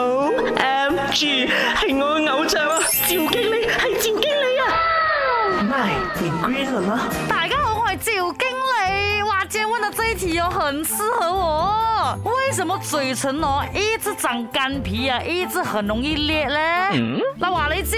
O M G，係我嘅偶像啊！趙經理係趙經理啊！咪你 green 咯？大家好，我係趙經理。哇，今日問的這一題又很適合我。為什麼嘴唇哦，一直長乾皮啊，一直很容易裂咧？嗱，話你知。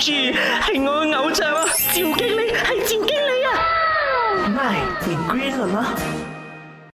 係我的偶像啊，趙經理係趙經理啊，唔係你 g r e